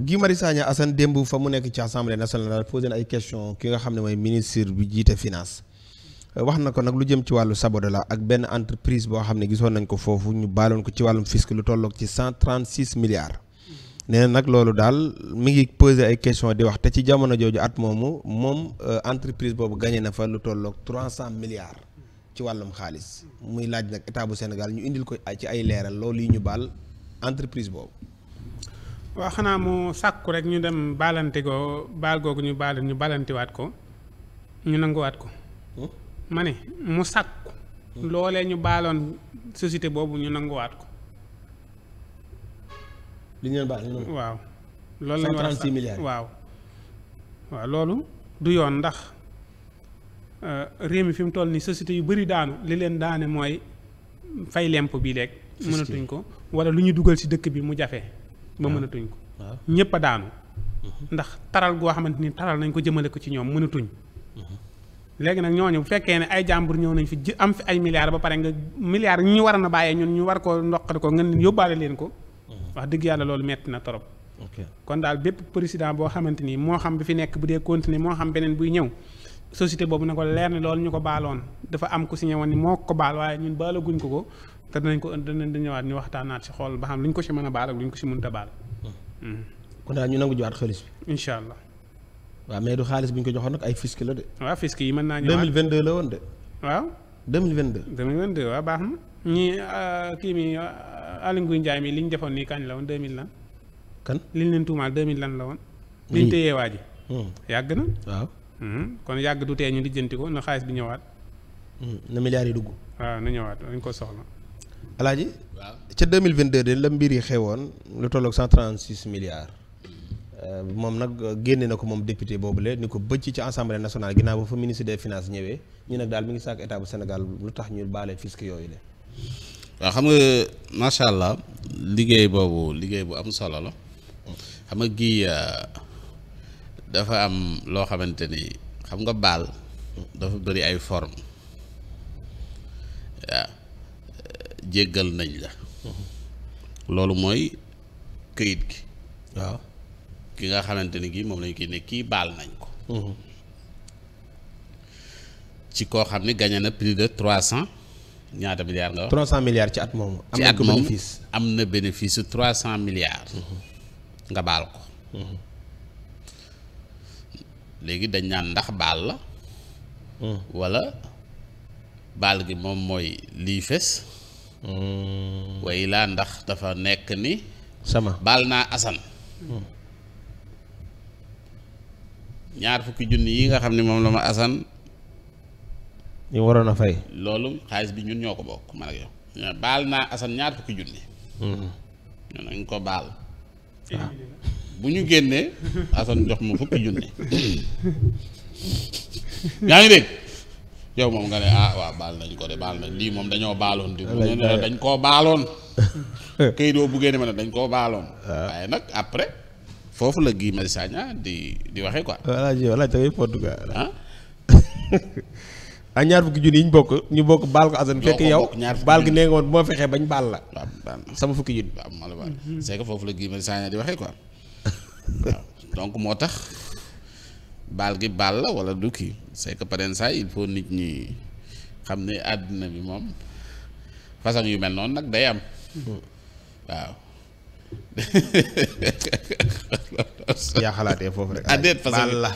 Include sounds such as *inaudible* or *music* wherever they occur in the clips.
Guy Marius Sagna Assane démb fa mu nekk ci assemblée nationale posé na ay question ki nga xam ne mooy ministre bi jiite finance wax na ko nag lu jëm ci wàllu la ak benn entreprise boo xam ne gisoon nañ ko foofu ñu baaloon ko ci wàllum fisc lu tolloog ci cent trente milliards. nee na nag loolu daal mi ngi posé ay question di wax te ci jamono jooju at moomu moom euh, entreprise boobu gagné na fa lu tolloog trois cent milliards ci wàllum xaalis muy laaj nag état bu Sénégal ñu indil ko ci ay leeral loolu yi ñu baal entreprise boobu. waaw xanaa mu sàkku rek ñu dem balante ko baal googu ñu baal ñu baalantiwaat ko ñu nanguwaat ko. Hmm? ma ne mu sàkku. Hmm? loolee ñu baloon société boobu ñu nanguwaat ko. li ñu waaw loolu la ñu war a waaw. waaw loolu du yoon ndax euh, réew mi fi mu toll nii société yu bari daanu li leen daane mooy fay lemp bi léegi. mënatuñ ko wala lu ñu dugal ci dëkk bi mu jafe. ba ah. mënatuñ ko. Ah. ñëpp a daanu. Mm-hmm. ndax taral goo xamante ni taral nañ ko jëmale ko ci ñoom mënatuñ. Mm-hmm. léegi nag ñooñu bu fekkee ne ay jàmbur ñëw nañ fi ji am fi ay milliards ba pare nga milliards ñu war a na bàyyee ñun ñu war koo ndoqal ko ngeen yóbbaale leen ko. Mm-hmm. wax dëgg yàlla loolu metti na torop kon daal bépp président boo xamante ni moo xam bi fi nekk bu dee continuer moo xam beneen buy ñëw. société boobu na ko leer ne loolu ñu ko baaloon dafa am ku moo ko baal waaye ñun baalaguñ ko ko te nañ ko dinañ ñëwaat ñu waxtaanaat si xool ba xam lu ñu ko si mën a baal ak lu ñu ko si mënta baal. Hmm. Hmm. kon daal ñu nangu joxaat xaalis bi. incha allah. waaw mais du xaalis bu ñu ko joxoon nag ay la de. waaw fisc yi mën naa ñëwaat 2022 la woon de. waaw 2022. 2022 baax na ñii euh, kii mi euh, Aly Ngouille Ndiaye mi li defoon nii kañ la woon 2000 lan. kan li ñu leen tuumaal 2000 lan la woon. li ñu waa ji. Hmm. yàgg na. waaw. kon yàgg du tee ñu lijjanti na xaalis bi ñëwaat. na milliards dugg. waaw na ñëwaat dañ ko soxla. alaaji waaw ca 2022 de la mbir yi xewoon lu tolloog 136 milliards euh, moom nag génne na ko moom député boobule ni ko bëcc ci assemblée national ginaaw ba fa ministre des finances ñëwee ñu nag daal mi ngi sàkk état bu Sénégal lu tax ñu baale fisc yooyu la waaw xam nga macha allah liggéey boobu liggéey bu am solo la xam nga gi euh, dafa am loo xamante ni xam nga baal dafa bëri ay form waaw jéggal nañ la loolu mooy kayit gi waaw ki nga xamante ni gi moom lañ koy ne kii baal nañ ko mm-hmm. ci koo xam ne gagné na plus de trois cent ñaata milliards nga wax trois cent milliards ci at moomu ci at am na bénéfice trois cent milliards mm-hmm. nga baal ko mm-hmm. léegi dañ naan ndax baal la mm. wala baal gi moom mooy lii fes Hmm. way ndax dafa nekk ni sama baal naa asan hmm. ñaar fukki junni yi nga xam ne moom la ma asan ñu waroon a fay loolu xaalis bi ñun ñoo ko bokk man ak yow baal naa asan ñaar fukki junni hmm. ñu ko baal ah. bu ñu génnee asan jox ma fukki junni *coughs* yaa ngi dégg yow moom nga ne ah waaw baal nañ ko de baal nañ lii moom dañoo baaloon di ne dañ koo baaloon *laughs* këyit boo buggee ne ma ne dañ koo baaloon ah. waaye nag après foofu la Guy Marius Sagna di di waxee quoi voilà ji voilà ñaar fukki junni yi bokk ñu bokk baal ko Assane fekk yow baal gi nee nga woon bu ma baal la sama fukki junni waaw ma la baal c'est foofu la Guy Marius Sagna di waxee quoi *laughs* moo tax baal gi baal la wala du kii c'est que paren il faut nit ñi xam ne àddina bi moom façon yu mel noonu nag day am waaw. *laughs* yaa xalaatee foofu rek. addeet ah, façon baal la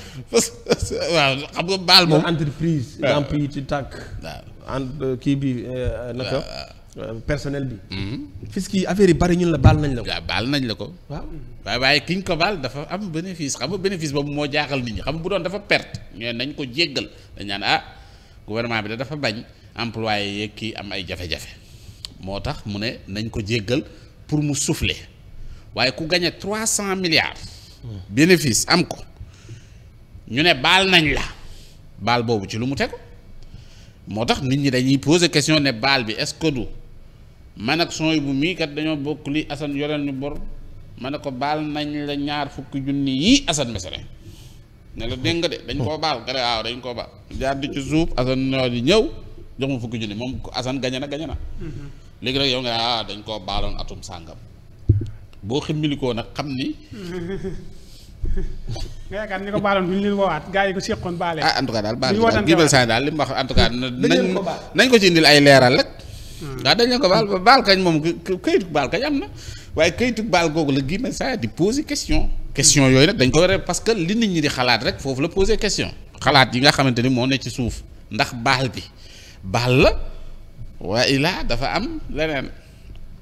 waaw xam nga baal moom entreprise. lamp yi tàkk. waaw euh, kii bi euh, naka. Euh, personnel bi. Mhm. fisc yi affaire yi bari ñun la baal nañ la ko. waaw baal nañ la ko. waaye waaye ñu ko baal dafa am bénéfice xam nga boobu moo jaaxal nit ñi xam bu doon dafa perte ñooñu nañ ko jéggal dañ naan ah gouvernement bi dafa bañ employé kii am ay jafe moo tax mu ne nañ ko jéggal pour mu souffler waaye ku gagné trois cent milliards. Hmm. bénéfice am ko ñu ne baal nañ la baal boobu ci lu mu tegu moo tax nit ñi dañuy poser question ne baal bi est du. man ak sony bu mii kat dañoo bokk li Assane yoreel ñu bor ma ne ko baal nañ la ñaar fukki junni yii Assane Mesere ne la dégg nga de dañ koo baal gare waaw dañ koo baal jaar di ci suuf Assane ñëw jox ma fukki junni moom Assane gañe na gañe na léegi yow nga ah, dañ koo baaloon atum sàngam boo ximmilikoo nag xam ni *laughs* nga yaakaar ni ko baaloon bu ñu leen woowaat gaa yi ko séqoon baale ah en tout cas daal baal gi daal li mu wax nañ ko ci indil ay leeral rek waaw dañ ko baal baal kañ moom këyitu baal kañ am na waaye këyitu baal googu la Guy Marius Sagna di poser question question hmm. yooyu nag dañ ko re parce que li nit ñi di xalaat rek foofu la poser question xalaat yi nga xamante ni moo ne ci suuf ndax baal bi baal la waa ilaa dafa am leneen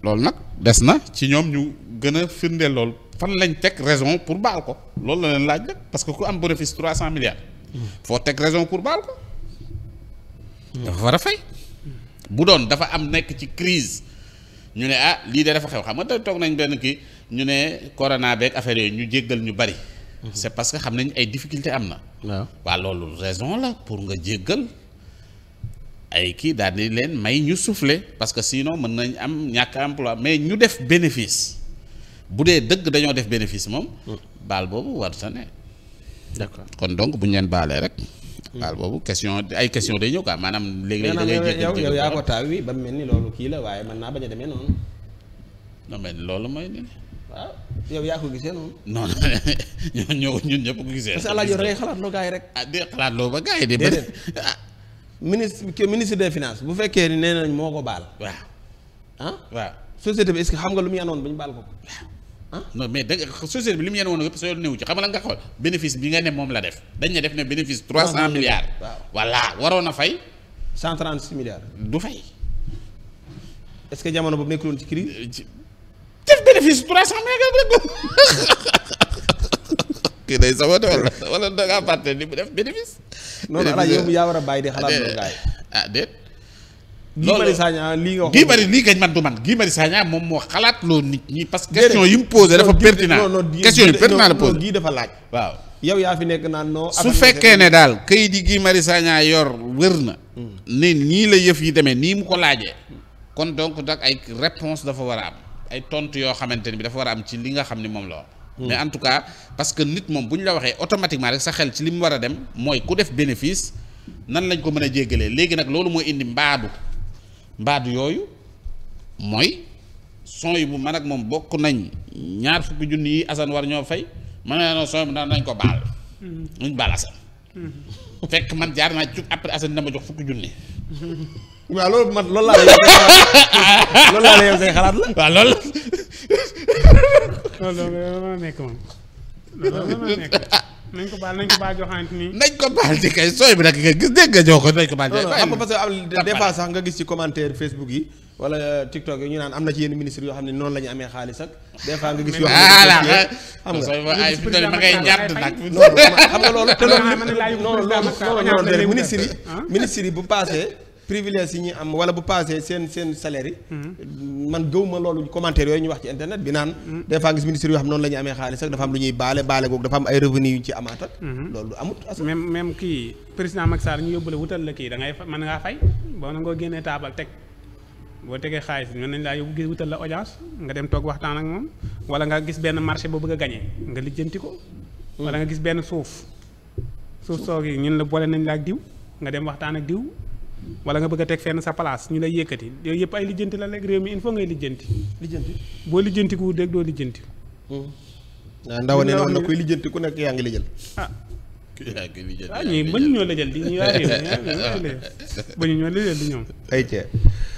loolu nag des na ci ñoom ñu gën a firndeel lool fan lañ teg raison pour baal ko loolu la leen laaj nag parce que ku am bénéfice trois cent milliards. Hmm. foo teg raison pour baal ko. bu doon dafa am nekk ci crise ñu ne ah lii de dafa xew xam nga te toog nañ benn kii ñu ne corona beeg affaire yooyu ñu jéggal ñu bari. Mhm. c'est parce que xam nañ ay difficulté am na. waaw waa loolu raison la pour nga jéggal ay kii daal leen may ñu suufle parce que sinon mën nañ am ñàkk emploi mais ñu def bénéfice bu dee dëgg dañoo def bénéfice moom. Mhm. baal boobu war sa ne. d'accord kon donc bu ñu leen baalee rek. waaw boobu question ay question day ñëw quoi maanaam léegi léegi da ngay ba mu mel ni loolu kii la waaye man naa bañ a demee noonu non mais loolu mooy li waaw yow yaa ko gisee noonu non non *laughs* ñoo ñun ñëpp ko gisee parce que alaajo da ngay xalaat loo gars yi rek ah di xalaat loo ba gars yi di ba ministre ministre des finance bu fekkee ni nee nañ moo ko baal waaw ah waaw société bi est xam nga lu mu yanoon ba ñu baal ko waaw no mais da société bi li mu yéen woon yëpp soo néew ci xam nga nga bénéfice bi nga ne moom la def dañ ne def ne bénéfice trois cent milliards walla waroon a fay cent trente six milliards du fay est-ce que jamono boobu nekkuloon ci crise euh, def bénéfice trois cent milliards rek *laughs* day saboté wala wala da ni mu def bénéfice non alaa yow yaa war a bàyyi di xalaat ah, loolu gaay Guy Marius lii nga wax Guy lii kañ man du man Guy mari Sagna moom moo xalaat loo nit ñi parce que question yi mu posé dafa pertinent question yu pertinent la posé laaj waaw yow yaa fi nekk naan non su fekkee ne daal kayit yi Guy mari Sagna yor wër na hmm. ne ñii la yëf yi demee nii mu ko laajee kon donc nag ay réponse dafa war a am ay tontu yoo xamante ni bi dafa war a am ci li nga xam ni moom la wax hmm. mais en tout cas parce que nit moom bu ñu la waxee automatiquement rek sa xel ci li mu war a dem mooy ku def bénéfice nan lañ ko mën a jéggalee léegi nag loolu mooy indi mbaadu baat yooyu mooy son yi bu man ak moom bokk nañ ñaar fukki junni yi Assane war ñoo fay man ne non son yi nañ ko baal. nuñ mm-hmm. baal Assane. Mm-hmm. fekk man jaar naa cug après Assane dama jox fukki junni. *laughs* waaw loolu man loolu laa la *laughs* yow xalaat la waaw loolu. *laughs* loolu nekk moom. nañ ko baal nañ ko baal joxante ni nañ ko baal kay sooy bi nag nga gis dégg nga jox ko nañ ko baal xam nga parce nga gis ci commentaire Facebook yi wala TikTok yi ñu naan am na ci yenn ministre yoo xam ne noonu la amee xaalis ak des nga gis yoo xam nga ma ministre yi ministre yi bu passé privilège yi ñuy am wala bu passé seen seen salaire yi mm-hmm. man gëw ma loolu commentaire yooyu ñu wax ci internet bi naan mm-hmm. des fois gis ministre yoo xam noonu la amee xaalis ak dafa am lu ñuy baale baale googu dafa am ay revenu yu ñu ci amaat ak mm-hmm. loolu amut même même kii président Macky Sall ñu yóbbu la wutal la kii da ngay mën ngaa fay boo na ngoo génnee taabal teg boo tegee xaalis mën nañ laa yóbbu wutal la audience nga dem toog waxtaan ak moom wala nga gis benn marché boo bëgg a gañee nga lijjanti ko mm. wala nga gis benn suuf suuf soo ñun la boole nañ la ak diw nga dem waxtaan ak diw wala nga bëgg a teg fenn sa place ñu lay yëkkati yooyu yëpp ay lijjanti la rek réew mi il faut ngay lijjanti. lijjanti boo lijjanti ku dégg doo lijjanti. Hmm. ndaw ne noonu na kuy lijjanti ku nekk yaa ngi lijjal. ah *laughs* yaa ngi lijjal. waaw ah, ñii bañu ñoo lijjal di ñu ah, ñoo lijjal *laughs* ñoom. ay